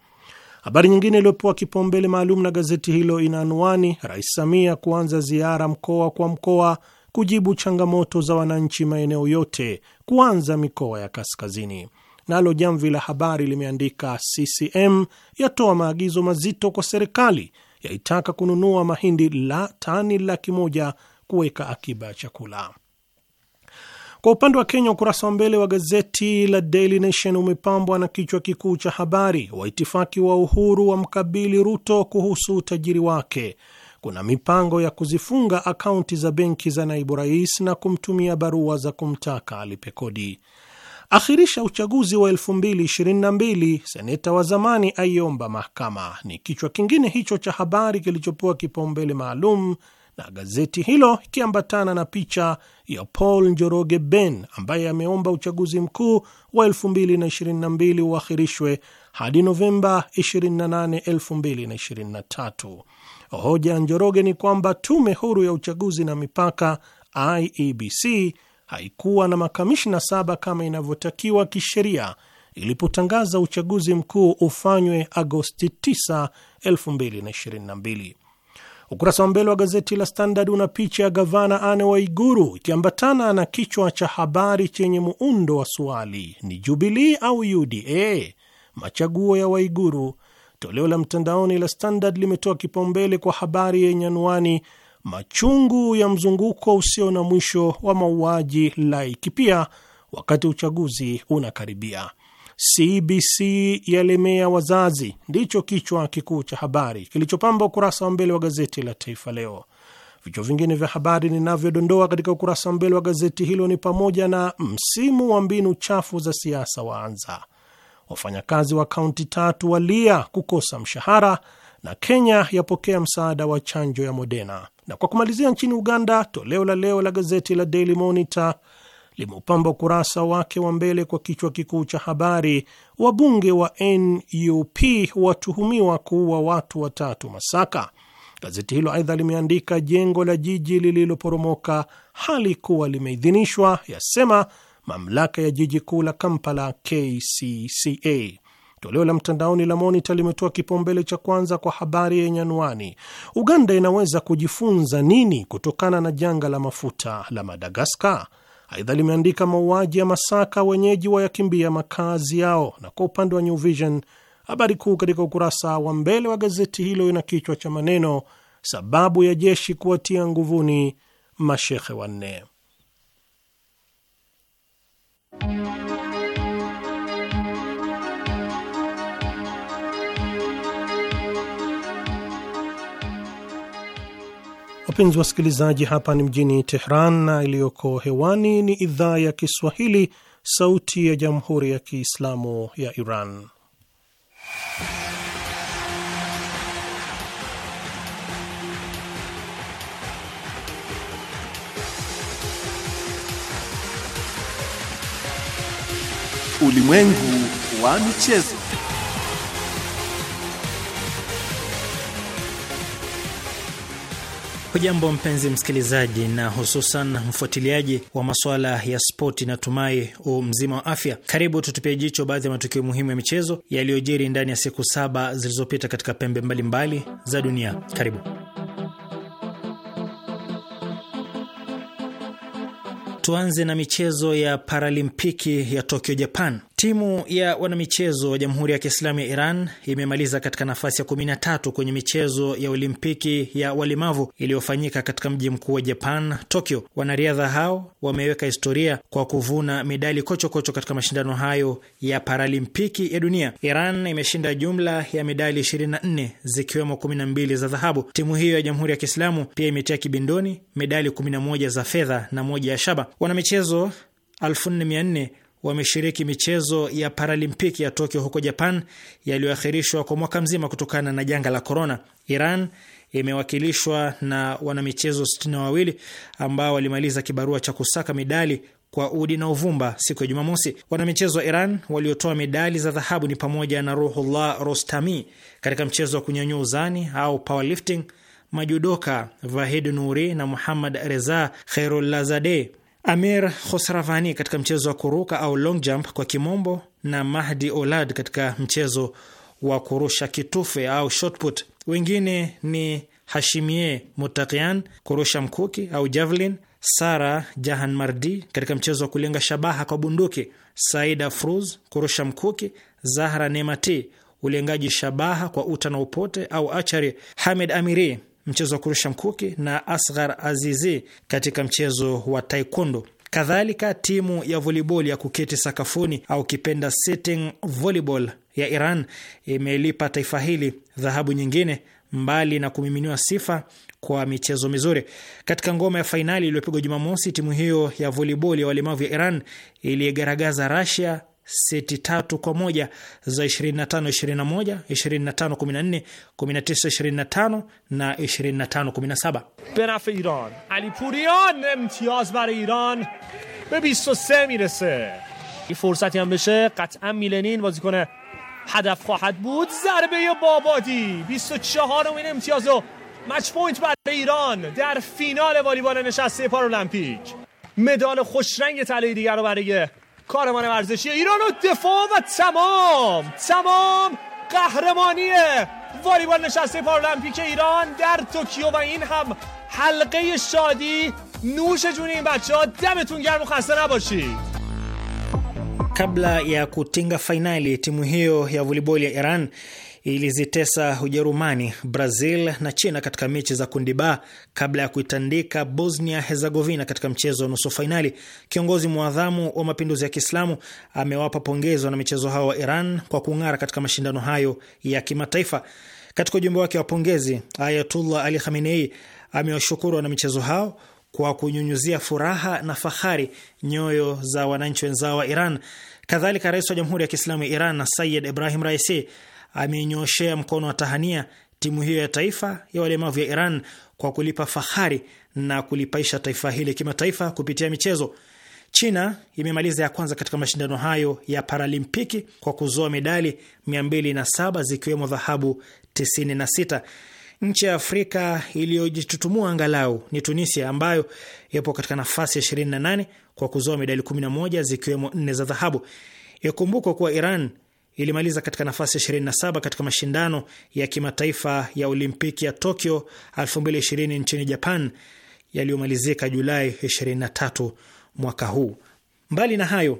Habari nyingine iliyopewa kipaumbele maalum na gazeti hilo ina anwani Rais Samia kuanza ziara mkoa kwa mkoa kujibu changamoto za wananchi maeneo yote, kuanza mikoa ya kaskazini. Nalo Jamvi la Habari limeandika CCM yatoa maagizo mazito kwa serikali, yaitaka kununua mahindi la tani laki moja kuweka akiba ya chakula. Kwa upande wa Kenya, ukurasa wa mbele wa gazeti la Daily Nation umepambwa na kichwa kikuu cha habari, waitifaki wa Uhuru wa mkabili Ruto kuhusu utajiri wake, kuna mipango ya kuzifunga akaunti za benki za naibu rais na kumtumia barua za kumtaka alipe kodi. Akhirisha uchaguzi wa 2022 seneta wa zamani aiomba mahakama, ni kichwa kingine hicho cha habari kilichopewa kipaumbele maalum na gazeti hilo ikiambatana na picha ya Paul Njoroge Ben ambaye ameomba uchaguzi mkuu wa 2022 uahirishwe hadi Novemba 28, 2023. Hoja ya Njoroge ni kwamba tume huru ya uchaguzi na mipaka IEBC haikuwa na makamishna saba kama inavyotakiwa kisheria ilipotangaza uchaguzi mkuu ufanywe Agosti 9, 2022. Ukurasa wa mbele wa gazeti la Standard una picha ya gavana Anne Waiguru ikiambatana na kichwa cha habari chenye muundo wa swali, ni Jubilee au UDA? Machaguo ya Waiguru. Toleo la mtandaoni la Standard limetoa kipaumbele kwa habari yenye anwani machungu ya mzunguko usio na mwisho wa mauaji Laikipia wakati uchaguzi unakaribia. CBC yalemea wazazi, ndicho kichwa kikuu cha habari kilichopamba ukurasa wa mbele wa gazeti la Taifa Leo. Vichwa vingine vya habari ninavyodondoa katika ukurasa wa mbele wa gazeti hilo ni pamoja na msimu wa mbinu chafu za siasa waanza, wafanyakazi wa kaunti tatu walia kukosa mshahara, na Kenya yapokea msaada wa chanjo ya Moderna. Na kwa kumalizia, nchini Uganda, toleo la leo la gazeti la Daily Monitor limeupamba ukurasa wake wa mbele kwa kichwa kikuu cha habari, wabunge wa NUP watuhumiwa kuua watu watatu Masaka. Gazeti hilo aidha limeandika jengo la jiji lililoporomoka halikuwa limeidhinishwa, yasema mamlaka ya jiji kuu la Kampala KCCA. Toleo la mtandaoni la Monita limetoa kipaumbele cha kwanza kwa habari yenye anwani, Uganda inaweza kujifunza nini kutokana na janga la mafuta la Madagaskar. Aidha limeandika mauaji ya Masaka, wenyeji wayakimbia makazi yao. Na kwa upande wa New Vision, habari kuu katika ukurasa wa mbele wa gazeti hilo ina kichwa cha maneno sababu ya jeshi kuwatia nguvuni mashehe wanne. Wapenzi wasikilizaji, hapa ni mjini Tehran na iliyoko hewani ni idhaa ya Kiswahili, Sauti ya Jamhuri ya Kiislamu ya Iran. Ulimwengu wa michezo. Hujambo mpenzi msikilizaji na hususan mfuatiliaji wa masuala ya spoti, natumai u mzima wa afya. Karibu tutupia jicho baadhi ya matukio muhimu ya michezo yaliyojiri ndani ya siku saba zilizopita katika pembe mbalimbali mbali za dunia. Karibu. Tuanze na michezo ya Paralimpiki ya Tokyo, Japan. Timu ya wanamichezo wa Jamhuri ya Kiislamu ya Iran imemaliza katika nafasi ya 13 kwenye michezo ya Olimpiki ya walemavu iliyofanyika katika mji mkuu wa Japan, Tokyo. Wanariadha hao wameweka historia kwa kuvuna medali kochokocho kocho katika mashindano hayo ya Paralimpiki ya dunia. Iran imeshinda jumla ya medali 24 zikiwemo 12 za dhahabu. Timu hiyo ya Jamhuri ya Kiislamu pia imetia kibindoni medali 11 za fedha na moja ya shaba. Wanamichezo 1400 wameshiriki michezo ya Paralimpiki ya Tokyo huko Japan yaliyoahirishwa kwa mwaka mzima kutokana na janga la korona. Iran imewakilishwa na wanamichezo sitini na wawili ambao walimaliza kibarua cha kusaka midali kwa udi na uvumba siku ya Jumamosi. Wanamichezo wa Iran waliotoa medali za dhahabu ni pamoja na Ruhullah Rostami katika mchezo wa kunyanyua uzani au powerlifting, majudoka Vahid Nuri na Muhammad Reza Khairulazade Amir Khosravani katika mchezo wa kuruka au long jump kwa kimombo, na Mahdi Olad katika mchezo wa kurusha kitufe au shotput. Wengine ni Hashimie Mutakian kurusha mkuki au javelin, Sara Jahan Mardi katika mchezo wa kulenga shabaha kwa bunduki, Saida Fruz kurusha mkuki, Zahra Nemati ulengaji shabaha kwa uta na upote au achari, Hamed Amiri mchezo wa kurusha mkuki na Asghar Azizi katika mchezo wa taekwondo. Kadhalika, timu ya volleyball ya kuketi sakafuni au kipenda sitting volleyball ya Iran imelipa taifa hili dhahabu nyingine, mbali na kumiminiwa sifa kwa michezo mizuri. Katika ngoma ya fainali iliyopigwa Jumamosi, timu hiyo ya volleyball ya walemavu ya Iran iliyegaragaza rasia seti ایران علی پوریان امتیاز برای ایران به 23 میرسه این فرصتی هم بشه قطعا میلنین بازیکن هدف خواهد بود ضربه بابادی 24 امتیاز و مچ پوینت برای ایران در فینال والیبال نشسته پارالمپیک مدال خوشرنگ طلایی دیگر رو برای کارمان ورزشی ایران و دفاع و تمام تمام قهرمانی والیبال نشسته پارالمپیک ایران در توکیو و این هم حلقه شادی نوش جون این بچه ها دمتون گرم و خسته نباشید Kabla ya kutinga fainali timu hiyo ya voliboli ya ilizitesa Ujerumani, Brazil na China katika mechi za kundi ba kabla ya kuitandika Bosnia Herzegovina katika mchezo wa nusu fainali. Kiongozi mwadhamu wa mapinduzi ya Kiislamu amewapa pongezi na michezo hao wa Iran kwa kung'ara katika mashindano hayo ya kimataifa. Katika ujumbe wake wa pongezi, Ayatullah Ali Khamenei amewashukuru michezo hao kwa kunyunyuzia furaha na fahari nyoyo za wananchi wenzao wa Iran. Kadhalika, rais wa Jamhuri ya Kiislamu ya Iran Sayid Ibrahim Raisi ameinyoshea mkono wa tahania timu hiyo ya taifa ya walemavu ya Iran kwa kulipa fahari na kulipaisha taifa hili kimataifa kupitia michezo. China imemaliza ya kwanza katika mashindano hayo ya Paralimpiki kwa kuzoa medali 207 zikiwemo dhahabu 96. Nchi ya Afrika iliyojitutumua angalau ni Tunisia ambayo ipo katika nafasi ya 28 kwa kuzoa medali 11 zikiwemo nne za dhahabu. Ikumbukwe kuwa Iran ilimaliza katika nafasi ya 27 katika mashindano ya kimataifa ya Olimpiki ya Tokyo 2020 nchini Japan yaliyomalizika Julai 23 mwaka huu. Mbali na hayo,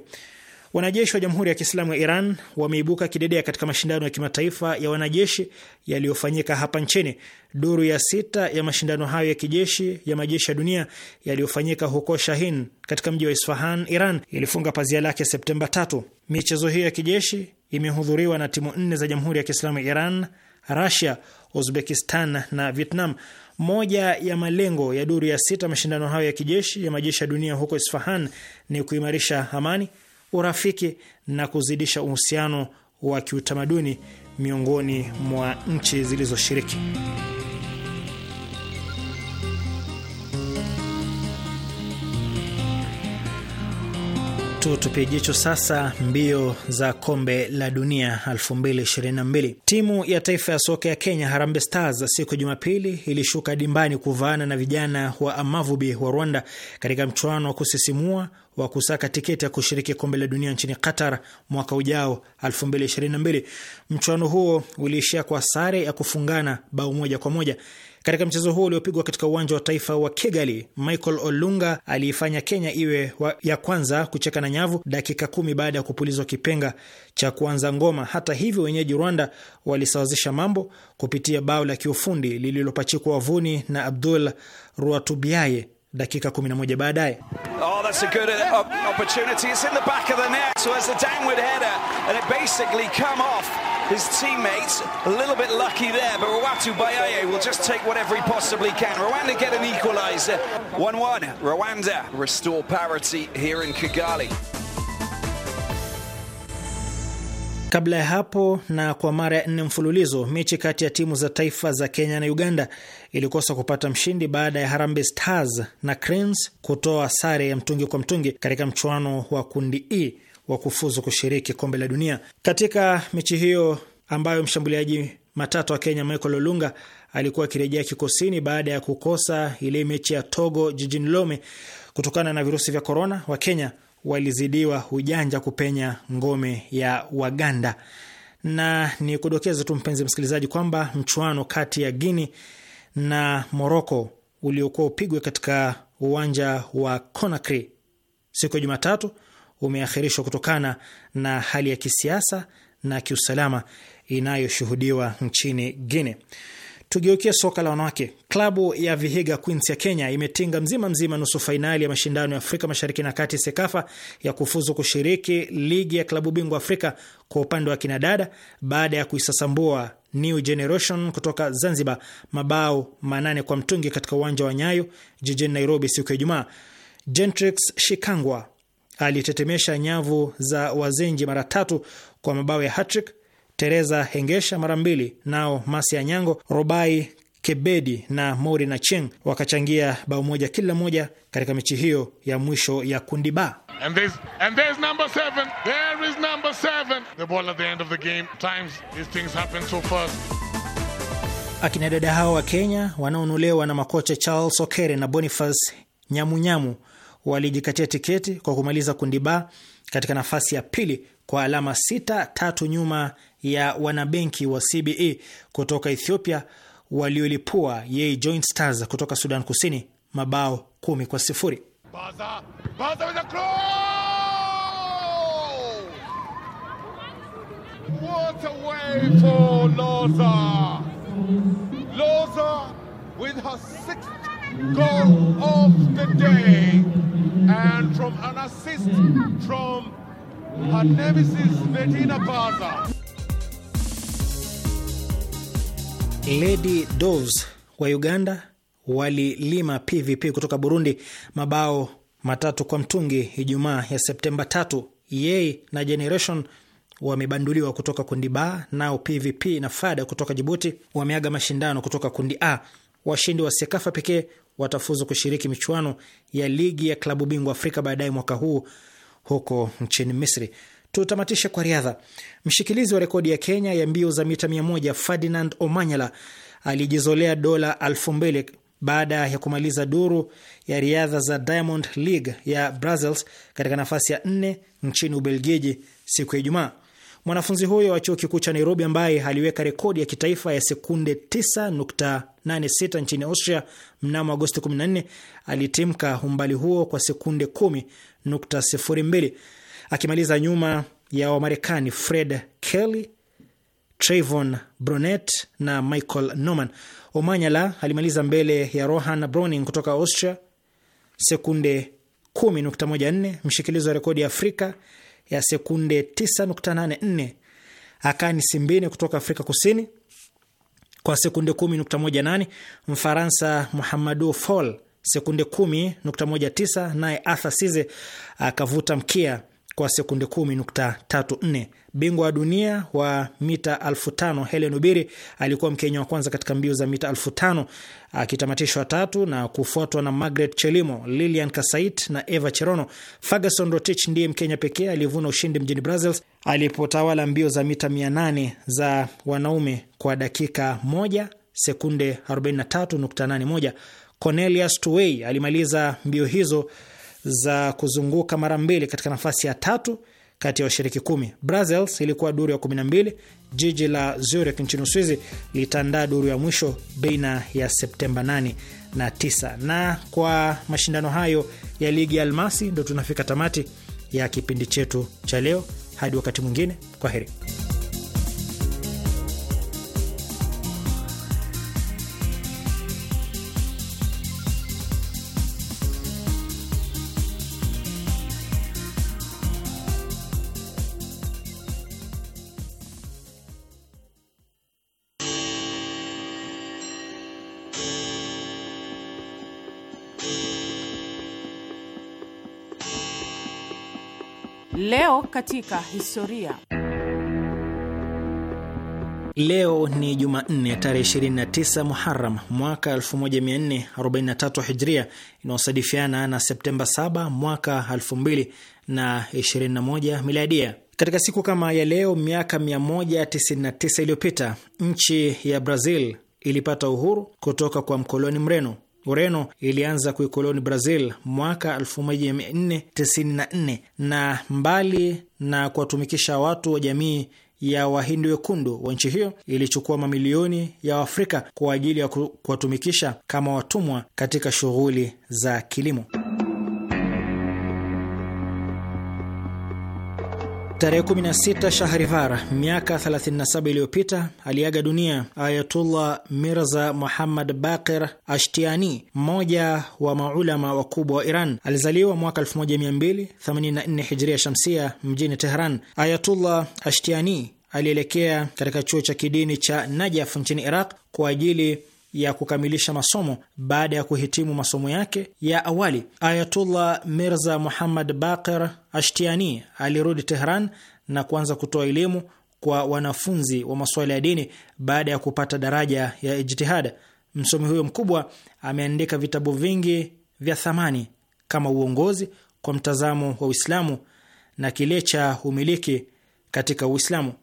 wanajeshi wa Jamhuri ya Kiislamu ya Iran wameibuka kidedea katika mashindano ya kimataifa ya wanajeshi yaliyofanyika hapa nchini. Duru ya sita ya mashindano hayo ya kijeshi ya majeshi ya dunia yaliyofanyika huko Shahin katika mji wa Isfahan, Iran, ilifunga pazia lake Septemba 3. Michezo hiyo ya kijeshi imehudhuriwa na timu nne za Jamhuri ya Kiislamu ya Iran, rasia Uzbekistan na Vietnam. Moja ya malengo ya duru ya sita mashindano hayo ya kijeshi ya majeshi ya dunia huko Isfahan ni kuimarisha amani, urafiki na kuzidisha uhusiano wa kiutamaduni miongoni mwa nchi zilizoshiriki. tupie jicho sasa mbio za kombe la dunia 2022. Timu ya taifa ya soka ya Kenya, Harambee Stars, siku ya Jumapili ilishuka dimbani kuvaana na vijana wa Amavubi wa Rwanda katika mchuano wa kusisimua wa kusaka tiketi ya kushiriki kombe la dunia nchini Qatar mwaka ujao 2022. Mchuano huo uliishia kwa sare ya kufungana bao moja kwa moja. Katika mchezo huo uliopigwa katika uwanja wa taifa wa Kigali, Michael Olunga aliifanya Kenya iwe wa ya kwanza kucheka na nyavu dakika kumi baada ya kupulizwa kipenga cha kuanza ngoma. Hata hivyo, wenyeji Rwanda walisawazisha mambo kupitia bao la kiufundi lililopachikwa wavuni na Abdul Ruatubiaye dakika 11 baadaye. Oh, that's a good uh, opportunity. It's in the back of the net. So it's a downward header and it basically come off his teammates. A little bit lucky there, but Rwatu Bayaye will just take whatever he possibly can. Rwanda get an equaliser. 1-1. Rwanda restore parity here in Kigali. Kabla ya hapo na kwa mara ya nne mfululizo mechi kati ya timu za taifa za Kenya na Uganda ilikosa kupata mshindi baada ya Harambee Stars na Cranes kutoa sare ya mtungi kwa mtungi katika mchuano wa kundi E wa kufuzu kushiriki kombe la dunia. Katika mechi hiyo ambayo mshambuliaji matatu wa Kenya Michael Olunga alikuwa akirejea kikosini baada ya kukosa ile mechi ya Togo jijini Lome kutokana na virusi vya korona, wa Kenya walizidiwa ujanja kupenya ngome ya Waganda. Na ni kudokeza tu mpenzi msikilizaji, kwamba mchuano kati ya Guini na Moroko uliokuwa upigwe katika uwanja wa Conakry siku ya Jumatatu umeakhirishwa kutokana na hali ya kisiasa na kiusalama inayoshuhudiwa nchini Guine. Tugeukie soka la wanawake. Klabu ya Vihiga Queens ya Kenya imetinga mzima mzima nusu fainali ya mashindano ya Afrika Mashariki na Kati, SEKAFA, ya kufuzu kushiriki ligi ya klabu bingwa Afrika kwa upande wa kinadada baada ya kuisasambua New Generation kutoka Zanzibar mabao manane kwa mtungi katika uwanja wa Nyayo jijini Nairobi siku ya Ijumaa. Gentrix Shikangwa alitetemesha nyavu za Wazenji mara tatu kwa mabao ya hatrick. Teresa Hengesha mara mbili, nao Masi ya Nyango, Robai Kebedi na Mori na Cheng wakachangia bao moja kila moja katika mechi hiyo ya mwisho ya kundi ba. Akina dada hao wa Kenya wanaonulewa na makocha Charles Okere na Boniface Nyamunyamu walijikatia tiketi kwa kumaliza kundi ba katika nafasi ya pili kwa alama sita tatu nyuma ya wanabenki wa CBE kutoka Ethiopia waliolipua Yei Joint Stars kutoka Sudan Kusini mabao kumi kwa sifuri. Baza, Baza with a crow! What a way for Loza. Loza with her sixth goal of the day. And from an assist from her nemesis, Medina Baza. Lady Doves wa Uganda walilima PVP kutoka Burundi mabao matatu kwa mtungi Ijumaa ya Septemba tatu. Yeye na Generation wamebanduliwa kutoka kundi ba, nao PVP na Fada kutoka Jibuti wameaga mashindano kutoka kundi A. Washindi wa Sekafa pekee watafuzu kushiriki michuano ya ligi ya klabu bingwa Afrika baadaye mwaka huu huko nchini Misri. Tutamatishe kwa riadha. Mshikilizi wa rekodi ya Kenya ya mbio za mita 1 Ferdinand Omanyala alijizolea dola elfu mbili baada ya kumaliza duru ya riadha za Diamond League ya Brussels katika nafasi ya nne nchini Ubelgiji siku ya Ijumaa. Mwanafunzi huyo wa chuo kikuu cha Nairobi ambaye aliweka rekodi ya kitaifa ya sekunde 9.86 nchini Austria mnamo Agosti 14 alitimka umbali huo kwa sekunde 10.02 akimaliza nyuma ya Wamarekani Fred Kelly, Trayvon Bronet na Michael Norman. Omanyala alimaliza mbele ya Rohan Browning kutoka Austria sekunde 10.14, mshikilizi wa rekodi ya Afrika ya sekunde 9.84 akani Simbine kutoka Afrika Kusini kwa sekunde 10.18. Mfaransa Muhamadu Fall sekunde 10.19, naye Arthur Size akavuta mkia kwa sekunde 10.34. Bingwa wa dunia wa mita 5000 Helen Obiri alikuwa Mkenya wa kwanza katika mbio za mita 5000 akitamatishwa tatu na kufuatwa na Margaret Chelimo, Lilian Kasait na Eva Cherono. Ferguson Rotich ndiye Mkenya pekee aliyevuna ushindi mjini Brussels alipotawala mbio za mita 800 za wanaume kwa dakika 1 sekunde 43.81. Cornelius Tuwei alimaliza mbio hizo za kuzunguka mara mbili katika nafasi ya tatu kati ya washiriki kumi. Brazil ilikuwa duru ya 12. Jiji la Zurich nchini Uswizi litaandaa duru ya mwisho baina ya Septemba 8 na 9. Na kwa mashindano hayo ya ligi ya Almasi, ndo tunafika tamati ya kipindi chetu cha leo. Hadi wakati mwingine, kwa heri. Leo katika historia. Leo ni Jumanne tarehe 29 Muharam mwaka 1443 Hijria, inayosadifiana na Septemba 7 mwaka 2021 Miladia. Katika siku kama ya leo miaka 199 iliyopita nchi ya Brazil ilipata uhuru kutoka kwa mkoloni Mreno. Ureno ilianza kuikoloni Brazil mwaka 1494 na mbali na kuwatumikisha watu wa jamii ya Wahindi wekundu wa nchi hiyo ilichukua mamilioni ya Waafrika kwa ajili ya kuwatumikisha kama watumwa katika shughuli za kilimo. Tarehe 16 Shahrivar miaka 37 iliyopita aliaga dunia Ayatullah Mirza Muhammad Baqir Ashtiani, mmoja wa maulama wakubwa wa Iran. Alizaliwa mwaka 1284 Hijria Shamsia mjini Tehran. Ayatullah Ashtiani alielekea katika chuo cha kidini cha Najaf nchini Iraq kwa ajili ya kukamilisha masomo baada ya kuhitimu masomo yake ya awali. Ayatullah Mirza Muhammad Baqir Ashtiani alirudi Tehran na kuanza kutoa elimu kwa wanafunzi wa masuala ya dini baada ya kupata daraja ya ijtihad Msomi huyo mkubwa ameandika vitabu vingi vya thamani kama Uongozi kwa mtazamo wa Uislamu na kile cha Umiliki katika Uislamu.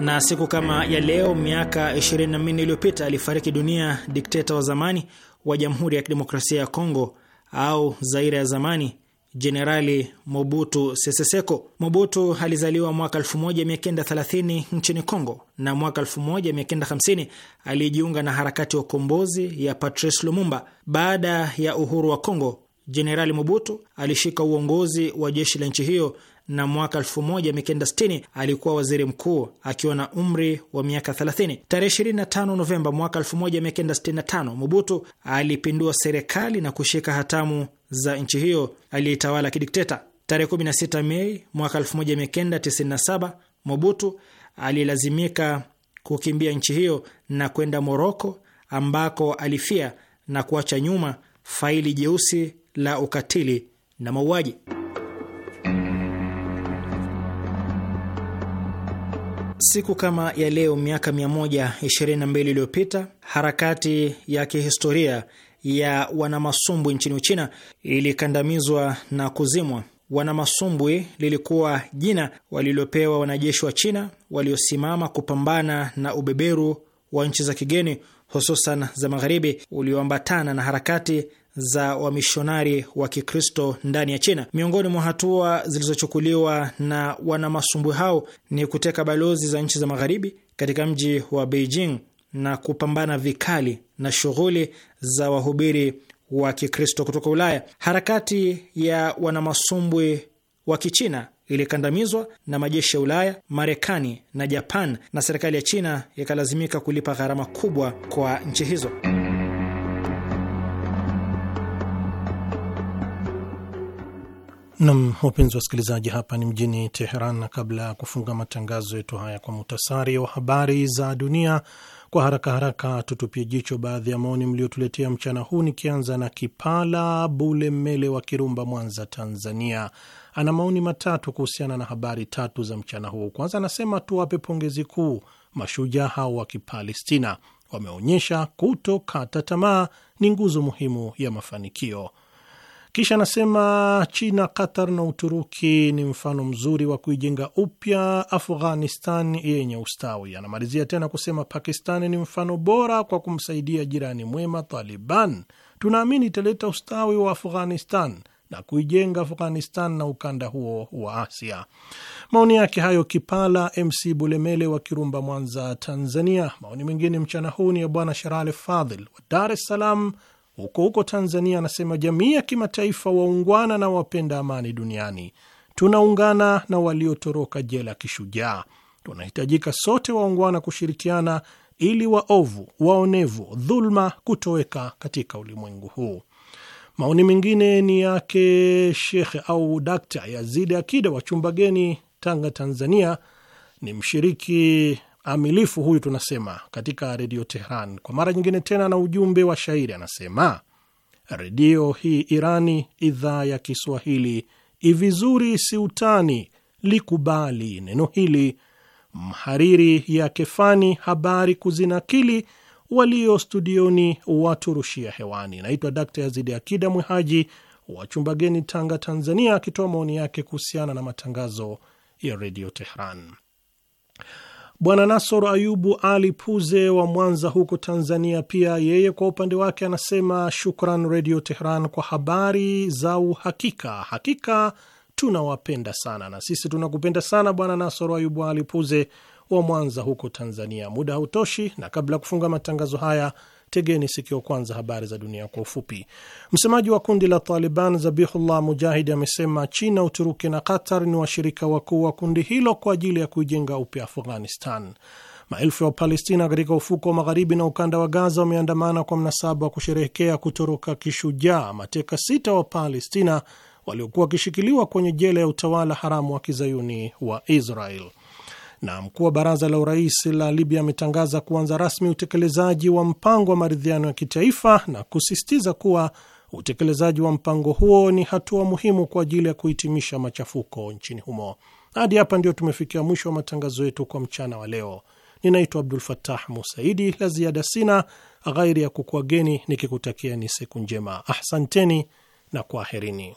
Na siku kama ya leo miaka 24 iliyopita alifariki dunia dikteta wa zamani wa Jamhuri ya Kidemokrasia ya Kongo au Zaire ya zamani, Jenerali Mobutu Sese Seko. Mobutu alizaliwa mwaka 1930 nchini Kongo na mwaka 1950 alijiunga na harakati ya ukombozi ya Patrice Lumumba. Baada ya uhuru wa Kongo, Jenerali Mobutu alishika uongozi wa jeshi la nchi hiyo na mwaka 1960 alikuwa waziri mkuu akiwa na umri wa miaka 30. Tarehe 25 Novemba mwaka 1965 Mobutu alipindua serikali na kushika hatamu za nchi hiyo aliyeitawala kidikteta. Tarehe 16 Mei mwaka 1997 Mobutu alilazimika kukimbia nchi hiyo na kwenda Moroko ambako alifia na kuacha nyuma faili jeusi la ukatili na mauaji. Siku kama ya leo miaka 122 iliyopita harakati ya kihistoria ya wanamasumbwi nchini Uchina ilikandamizwa na kuzimwa. Wanamasumbwi lilikuwa jina walilopewa wanajeshi wa China waliosimama kupambana na ubeberu wa nchi za kigeni hususan za magharibi ulioambatana na harakati za wamishonari wa Kikristo ndani ya China. Miongoni mwa hatua zilizochukuliwa na wanamasumbwi hao ni kuteka balozi za nchi za magharibi katika mji wa Beijing na kupambana vikali na shughuli za wahubiri wa Kikristo kutoka Ulaya. Harakati ya wanamasumbwi wa Kichina ilikandamizwa na majeshi ya Ulaya, Marekani na Japan, na serikali ya China ikalazimika kulipa gharama kubwa kwa nchi hizo. Nam, wapenzi wasikilizaji, hapa ni mjini Teheran, na kabla ya kufunga matangazo yetu haya kwa muhtasari wa habari za dunia, kwa haraka haraka tutupie jicho baadhi ya maoni mliotuletea mchana huu, nikianza na Kipala Bule Mele wa Kirumba, Mwanza, Tanzania. Ana maoni matatu kuhusiana na habari tatu za mchana huu. Kwanza anasema tuwape pongezi kuu mashujaa hao wa Kipalestina, wameonyesha kutokata tamaa ni nguzo muhimu ya mafanikio. Kisha anasema China, Qatar na Uturuki ni mfano mzuri wa kuijenga upya Afghanistan yenye ustawi. Anamalizia tena kusema Pakistani ni mfano bora kwa kumsaidia jirani mwema Taliban. Tunaamini italeta ustawi wa Afghanistan na kuijenga Afghanistan na ukanda huo wa Asia. Maoni yake hayo Kipala MC Bulemele wa Kirumba, Mwanza, Tanzania. Maoni mengine mchana huu ni ya Bwana Sherale Fadhil wa Dar es Salaam, huko huko Tanzania anasema jamii ya kimataifa waungwana na wapenda amani duniani, tunaungana na waliotoroka jela kishujaa. Tunahitajika sote waungwana kushirikiana ili waovu, waonevu, dhulma kutoweka katika ulimwengu huu. Maoni mengine ni yake Shekhe au Dakta Yazidi Akida wa Chumbageni, Tanga, Tanzania. Ni mshiriki amilifu huyu, tunasema katika Redio Tehran kwa mara nyingine tena na ujumbe wa shairi, anasema redio hii Irani, idhaa ya Kiswahili ivizuri siutani, likubali neno hili, mhariri ya kefani, habari kuzinakili, walio studioni waturushia hewani. Naitwa Dkt. Yazidi Akida Mwehaji wa Chumbageni, Tanga, Tanzania, akitoa maoni yake kuhusiana na matangazo ya Redio Tehran. Bwana Nasor Ayubu Ali Puze wa Mwanza huko Tanzania, pia yeye kwa upande wake anasema shukran Redio Tehran kwa habari za uhakika. Hakika tunawapenda sana, na sisi tunakupenda sana Bwana Nasor Ayubu Ali Puze wa Mwanza huko Tanzania. Muda hautoshi, na kabla ya kufunga matangazo haya Tegeni sikio kwanza habari za dunia kwa ufupi. Msemaji wa kundi la Taliban Zabihullah Mujahidi amesema China, Uturuki na Qatar ni washirika wakuu wa kundi hilo kwa ajili ya kuijenga upya Afghanistan. Maelfu ya Wapalestina katika ufuko wa magharibi na ukanda wa Gaza wameandamana kwa mnasaba wa kusherehekea kutoroka kishujaa mateka sita wa Palestina waliokuwa wakishikiliwa kwenye jela ya utawala haramu wa kizayuni wa Israel na mkuu wa baraza la urais la Libya ametangaza kuanza rasmi utekelezaji wa mpango wa maridhiano ya kitaifa na kusisitiza kuwa utekelezaji wa mpango huo ni hatua muhimu kwa ajili ya kuhitimisha machafuko nchini humo. Hadi hapa ndio tumefikia mwisho wa matangazo yetu kwa mchana wa leo. Ninaitwa Abdul Fatah Musaidi. La ziada sina ghairi ya kukuageni nikikutakia ni siku njema. Ahsanteni na kwaherini.